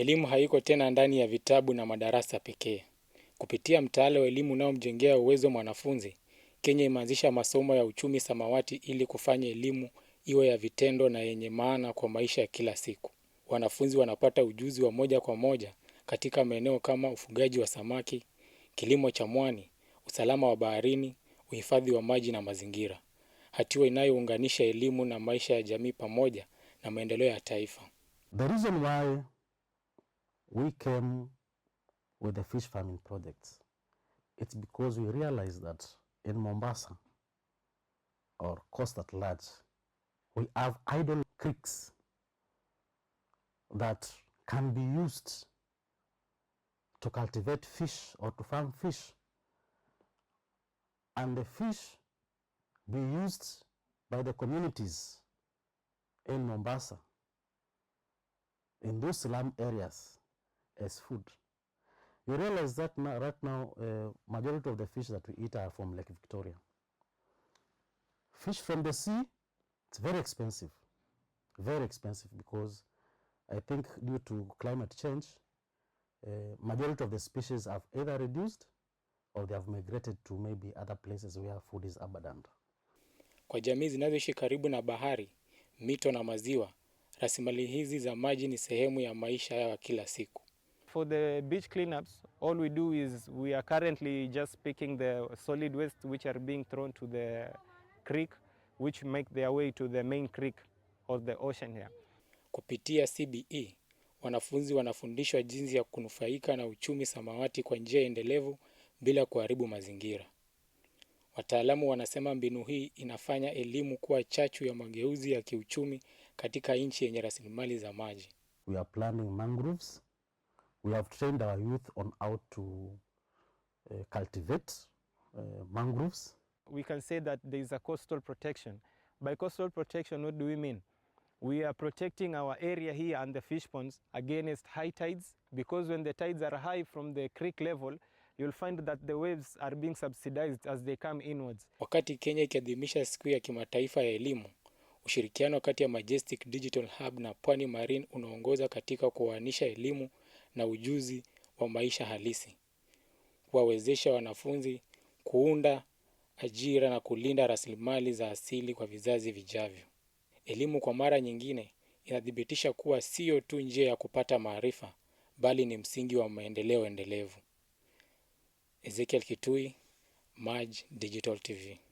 Elimu haiko tena ndani ya vitabu na madarasa pekee. Kupitia mtaala wa elimu unaomjengea uwezo mwanafunzi, Kenya imeanzisha masomo ya uchumi samawati ili kufanya elimu iwe ya vitendo na yenye maana kwa maisha ya kila siku. Wanafunzi wanapata ujuzi wa moja kwa moja katika maeneo kama ufugaji wa samaki, kilimo cha mwani, usalama wa baharini, uhifadhi wa maji na mazingira, hatua inayounganisha elimu na maisha ya jamii pamoja na maendeleo ya taifa. The reason why we came with the fish farming project. It's because we realized that in Mombasa or coast at large, we have idle creeks that can be used to cultivate fish or to farm fish and the fish be used by the communities in Mombasa in those slum areas as food. You realize that now, right now uh, majority of the fish that we eat are from Lake Victoria. Fish from the sea, it's very expensive, very expensive because I think due to climate change, uh, majority of the species have either reduced or they have migrated to maybe other places where food is abundant. Kwa jamii zinazoishi karibu na bahari, mito na maziwa, rasilimali hizi za maji ni sehemu ya maisha yao kila siku. For the beach cleanups, all we do is we are currently just picking the solid waste which are being thrown to the creek which make their way to the main creek or the ocean here. Kupitia CBE, wanafunzi wanafundishwa jinsi ya kunufaika na uchumi samawati kwa njia endelevu bila kuharibu mazingira. Wataalamu wanasema mbinu hii inafanya elimu kuwa chachu ya mageuzi ya kiuchumi katika nchi yenye rasilimali za maji. We are planting mangroves we have trained our youth on how to uh, cultivate uh, mangroves. We can say that there is a coastal protection. By coastal protection, what do we mean? We are protecting our area here and the fish ponds against high tides because when the tides are high from the creek level, you'll find that the waves are being subsidized as they come inwards. Wakati Kenya ikiadhimisha siku ya kimataifa ya elimu, ushirikiano kati ya Majestic Digital Hub na Pwani Marine unaongoza katika kuanisha elimu na ujuzi wa maisha halisi. Kuwawezesha wanafunzi kuunda ajira na kulinda rasilimali za asili kwa vizazi vijavyo. Elimu kwa mara nyingine inathibitisha kuwa siyo tu njia ya kupata maarifa bali ni msingi wa maendeleo endelevu. Ezekiel Kitui, Digital TV.